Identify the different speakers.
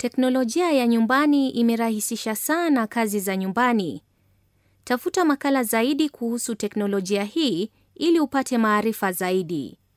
Speaker 1: Teknolojia ya nyumbani imerahisisha sana kazi za nyumbani. Tafuta makala zaidi kuhusu teknolojia hii ili upate maarifa zaidi.